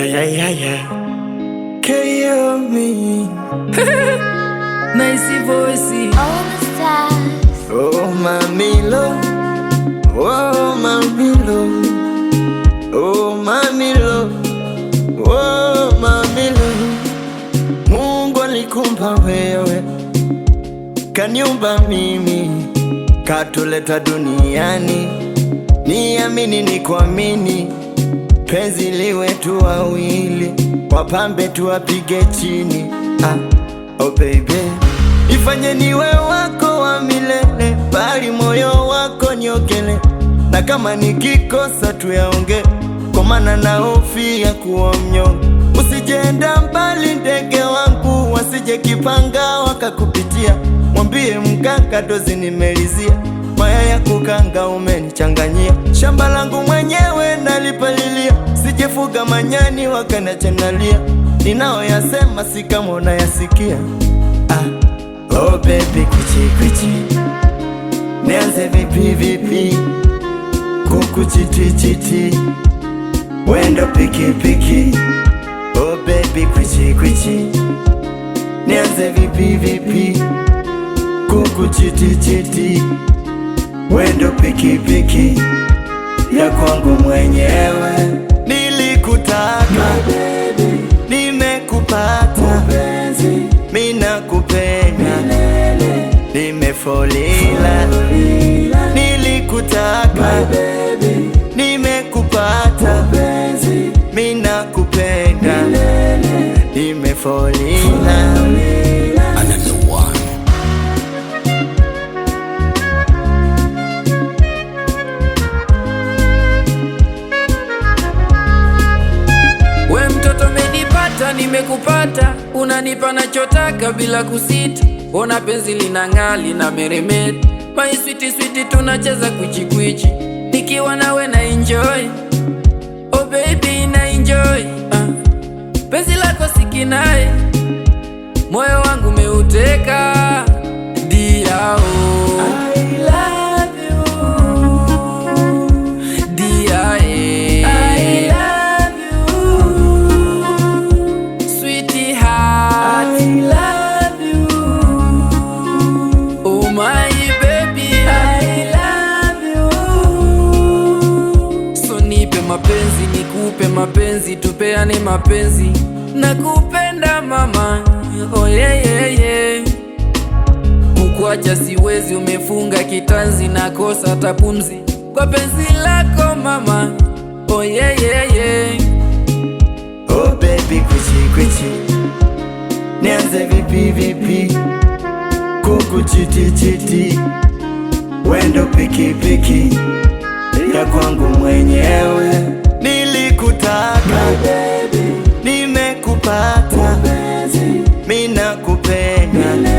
Yeah, yeah, yeah, yeah. Can you hear me? nice voice. All the stars. Oh, my Milo. Oh, my Milo. Oh, my Milo. Oh, mami lo. Mungu alikumba wewe. Kaniumba mimi. Katuleta duniani. Niamini nikuamini penzi liwe tu wawili, wapambe tuwapige chini. Ah, oh baby, ifanye niwe wako wa milele, bali moyo wako niokele, na kama nikikosa tuyaonge, kwa maana ya kuwa mnyonge. Usijeenda mbali ndege wangu, wasije kipanga wakakupitia, mwambie mkaka dozi nimelizia haya ya kukanga umenichanganyia, shamba langu mwenyewe nalipalilia, sijefuga manyani wakanachenalia, ninaoyasema si kama unayasikia. Ah, oh baby kwichi kwichi, nianze vipi vipi kukuchitichiti wendo pikipiki oh baby kwichi kwichi nianze vipi vipi kukuchitichiti wendo pikipiki ya kwangu mwenyewe. Nilikutaka nimekupata, mina kupenda nimefolila. Nilikutaka nimekupata, mina kupenda nimefolila. nimekupata, unanipa nachotaka bila kusita. Ona penzi linang'aa lina meremeta, my sweet sweet, tunacheza kwichikwichi, nikiwa nawe na enjoy. Oh baby na enjoy uh. Penzi lako sikinai, moyo wangu meuteka mapenzi, nikupe mapenzi, tupeane mapenzi, nakupenda mama, oh, yeah. kukwacha siwezi, umefunga kitanzi, nakosa hata pumzi kwa penzi lako mama, oh, yeah. Oh baby, kwichi kwichi, nianze vipi vipi, kukuchitichiti, wendo pikipiki ya kwangu mwenyewe. Nilikutaka nimekupata, mina kupenda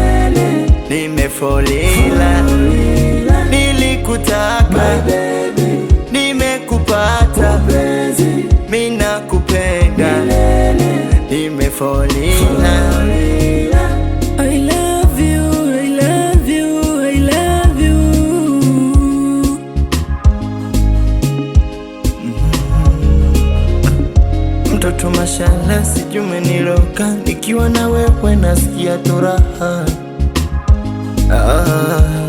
nimefolila. Nilikutaka nimekupata, mina kupenda nimefolila na sijume niloka, nikiwa na wewe nasikia turaha ah. ah, ah.